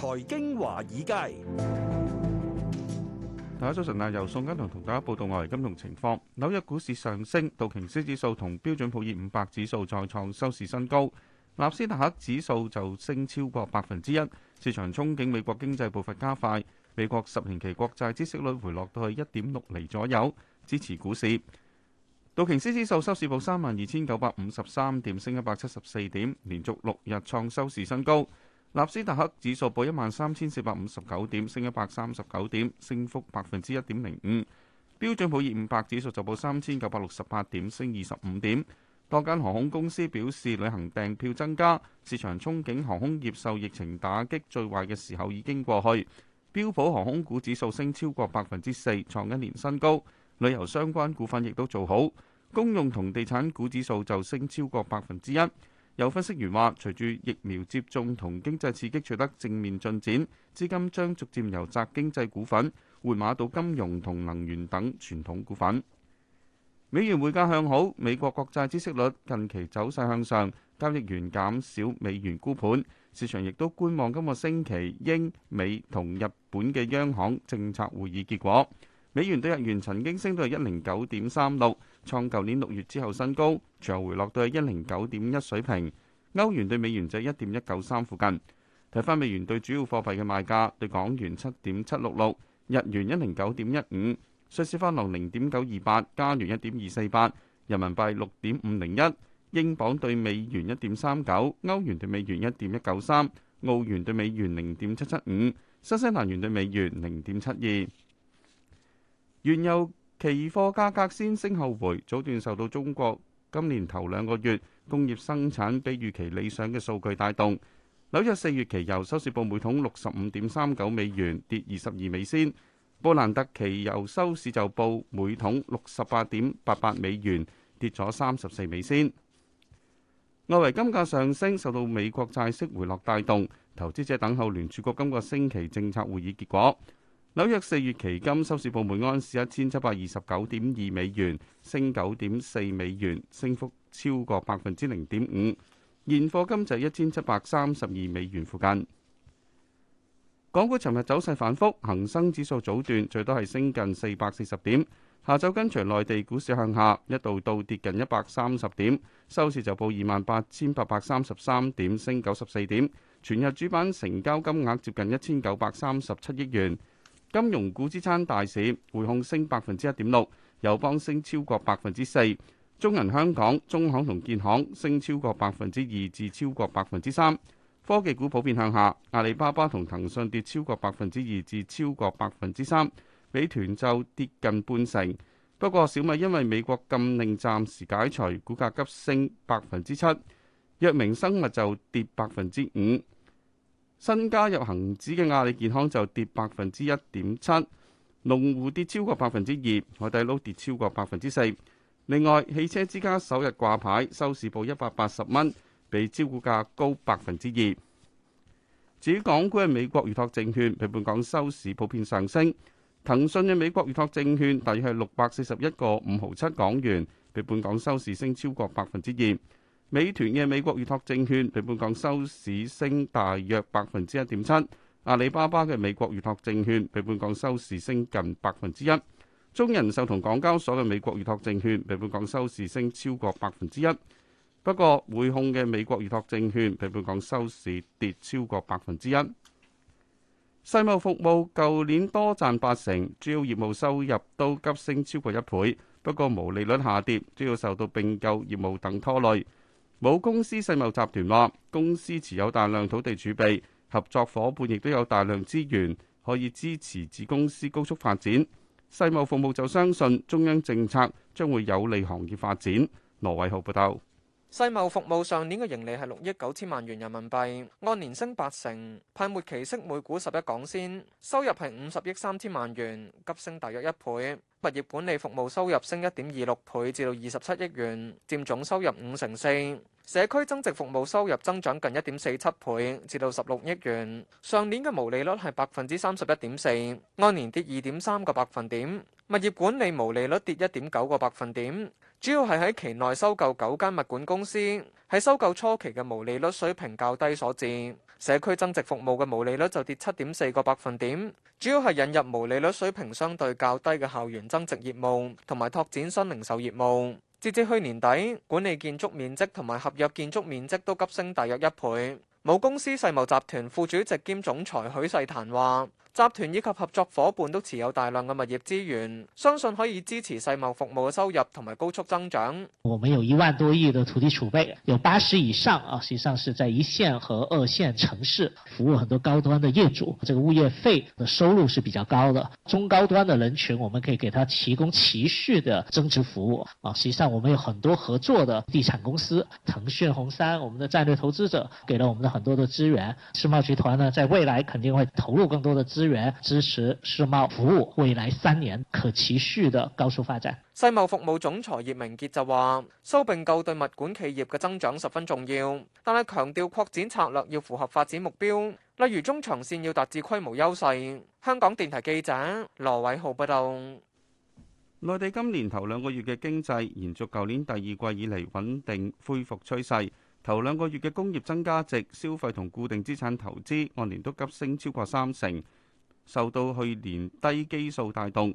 財經華爾街，大家早晨啊！由宋欣彤同大家報道外金融情況。紐約股市上升，道瓊斯指數同標準普爾五百指數再創收市新高，納斯達克指數就升超過百分之一。市場憧憬美國經濟步伐加快，美國十年期國債孳息率回落到去一點六厘左右，支持股市。道瓊斯指數收市報三萬二千九百五十三點，升一百七十四點，連續六日創收市新高。納斯達克指數報一萬三千四百五十九點，升一百三十九點，升幅百分之一點零五。標準普爾五百指數就報三千九百六十八點，升二十五點。多間航空公司表示，旅行訂票增加，市場憧憬航空業受疫情打擊最壞嘅時候已經過去。標普航空股指數升超過百分之四，創一年新高。旅遊相關股份亦都做好，公用同地產股指數就升超過百分之一。有分析員話，隨住疫苗接種同經濟刺激取得正面進展，資金將逐漸由宅經濟股份，換馬到金融同能源等傳統股份。美元匯價向好，美國國債孳息率近期走勢向上，交易員減少美元沽盤，市場亦都觀望今個星期英美同日本嘅央行政策會議結果。美元對日元曾經升到一零九點三六。創舊年六月之後新高，隨後回落到一零九點一水平。歐元對美元就一點一九三附近。睇返美元對主要貨幣嘅賣價，對港元七點七六六，日元一零九點一五，瑞士法郎零點九二八，加元一點二四八，人民幣六點五零一，英鎊對美元一點三九，歐元對美元一點一九三，澳元對美元零點七七五，新西蘭元對美元零點七二。原油期貨價格先升後回，早段受到中國今年頭兩個月工業生產比預期理想嘅數據帶動。紐約四月期油收市報每桶六十五點三九美元，跌二十二美仙。布蘭特期油收市就報每桶六十八點八八美元，跌咗三十四美仙。外圍金價上升，受到美國債息回落帶動，投資者等候聯儲局今個星期政策會議結果。紐約四月期金收市報每安士一千七百二十九點二美元，升九點四美元，升幅超過百分之零點五。現貨金就一千七百三十二美元附近。港股尋日走勢反覆，恒生指數早段最多係升近四百四十點，下晝跟隨內地股市向下，一度倒跌近一百三十點，收市就報二萬八千八百三十三點，升九十四點。全日主板成交金額接近一千九百三十七億元。金融股支撐大市，匯控升百分之一點六，友邦升超過百分之四，中銀香港、中行同建行升超過百分之二至超過百分之三。科技股普遍向下，阿里巴巴同騰訊跌超過百分之二至超過百分之三，美團就跌近半成。不過小米因為美國禁令暫時解除，股價急升百分之七，藥明生物就跌百分之五。新加入恒指嘅阿里健康就跌百分之一點七，龍湖跌超過百分之二，海底撈跌超過百分之四。另外，汽車之家首日掛牌收市報一百八十蚊，比招股價高百分之二。至於港股嘅美國預託證券，比本港收市普遍上升。騰訊嘅美國預託證券大約係六百四十一個五毫七港元，比本港收市升超過百分之二。美團嘅美國預託證券比本港收市升大約百分之一點七。阿里巴巴嘅美國預託證券比本港收市升近百分之一。中人壽同港交所嘅美國預託證券比本港收市升超過百分之一。不過，匯控嘅美國預託證券比本港收市跌超過百分之一。世茂服務舊年多賺八成，主要業務收入都急升超過一倍，不過毛利率下跌，主要受到並購業務等拖累。冇，公司世茂集團話，公司持有大量土地儲備，合作夥伴亦都有大量資源，可以支持子公司高速發展。世茂服務就相信中央政策將會有利行業發展。羅偉豪報道。世茂服務上年嘅盈利係六億九千萬元人民幣，按年升八成，派末期息每股十一港仙，收入係五十億三千萬元，急升大約一倍。物業管理服務收入升一點二六倍至到二十七億元，佔總收入五成四。社區增值服務收入增長近一點四七倍至到十六億元。上年嘅毛利率係百分之三十一點四，按年跌二點三個百分點。物業管理毛利率跌一點九個百分點。主要係喺期內收購九間物管公司，喺收購初期嘅毛利率水平較低所致。社區增值服務嘅毛利率就跌七點四個百分點。主要係引入毛利率水平相對較低嘅校園增值業務，同埋拓展新零售業務。截至去年底，管理建築面積同埋合約建築面積都急升，大約一倍。母公司世茂集團副主席兼總裁許世壇話。集團以及合作夥伴都持有大量嘅物業資源，相信可以支持世茂服務嘅收入同埋高速增長。我們有一萬多億的土地儲備，有八十以上啊，實際上是在一線和二線城市服務很多高端的業主，這個物業費嘅收入是比較高的。中高端的人群，我們可以給他提供持續的增值服務啊。實際上，我們有很多合作的地產公司，騰訊、紅杉，我們的戰略投資者給了我們的很多的資源。世茂集團呢，在未來肯定會投入更多的資。支援支持世貿服務未來三年可持續的高速發展。世貿服務總裁葉明傑就話，收併購對物管企業嘅增長十分重要，但係強調擴展策略要符合發展目標。例如中長線要達至規模優勢。香港電台記者羅偉浩報道。內地今年頭兩個月嘅經濟延續舊年第二季以嚟穩定恢復趨勢，頭兩個月嘅工業增加值、消費同固定資產投資按年都急升超過三成。受到去年低基數帶動，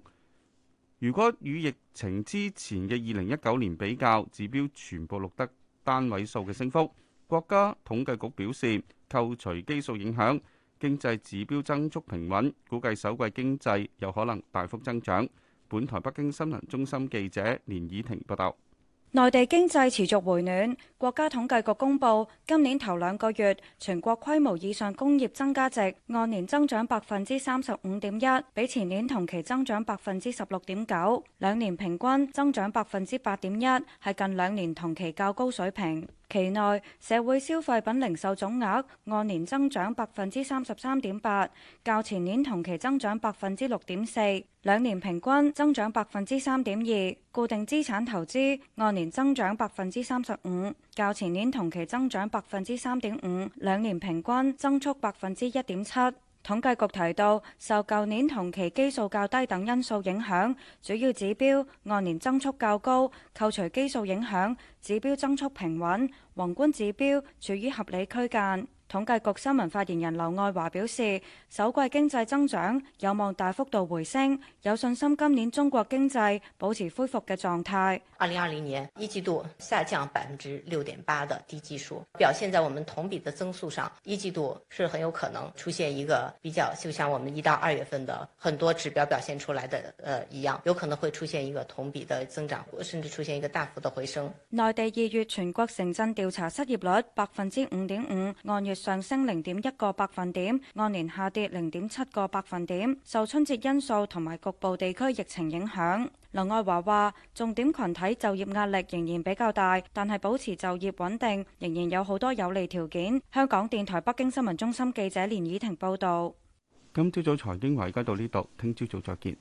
如果與疫情之前嘅二零一九年比較，指標全部錄得單位數嘅升幅。國家統計局表示，扣除基數影響，經濟指標增速平穩，估計首季經濟有可能大幅增長。本台北京新聞中心記者連倚婷報道。內地經濟持續回暖，國家統計局公布，今年頭兩個月全國規模以上工業增加值按年增長百分之三十五點一，比前年同期增長百分之十六點九，兩年平均增長百分之八點一，係近兩年同期較高水平。期內，社會消費品零售總額按年增長百分之三十三點八，較前年同期增長百分之六點四，兩年平均增長百分之三點二。固定資產投資按年增長百分之三十五，較前年同期增長百分之三點五，兩年平均增速百分之一點七。統計局提到，受舊年同期基數較低等因素影響，主要指標按年增速較高，扣除基數影響，指標增速平穩，宏觀指標處於合理區間。統計局新聞發言人劉愛華表示，首季經濟增長有望大幅度回升，有信心今年中國經濟保持恢復嘅狀態。二零二零年一季度下降百分之六點八的低基數，表現在我們同比的增速上，一季度是很有可能出現一個比較，就像我們一到二月份的很多指標表現出來的，呃一樣，有可能會出現一個同比的增長，甚至出現一個大幅的回升。內地二月全國城鎮調查失業率百分之五點五，按月。上升零點一個百分點，按年下跌零點七個百分點，受春節因素同埋局部地區疫情影響。劉愛華話，重點群體就業壓力仍然比較大，但係保持就業穩定仍然有好多有利條件。香港電台北京新聞中心記者連綺婷報道。今朝早財經華爾街到呢度，聽朝早再見。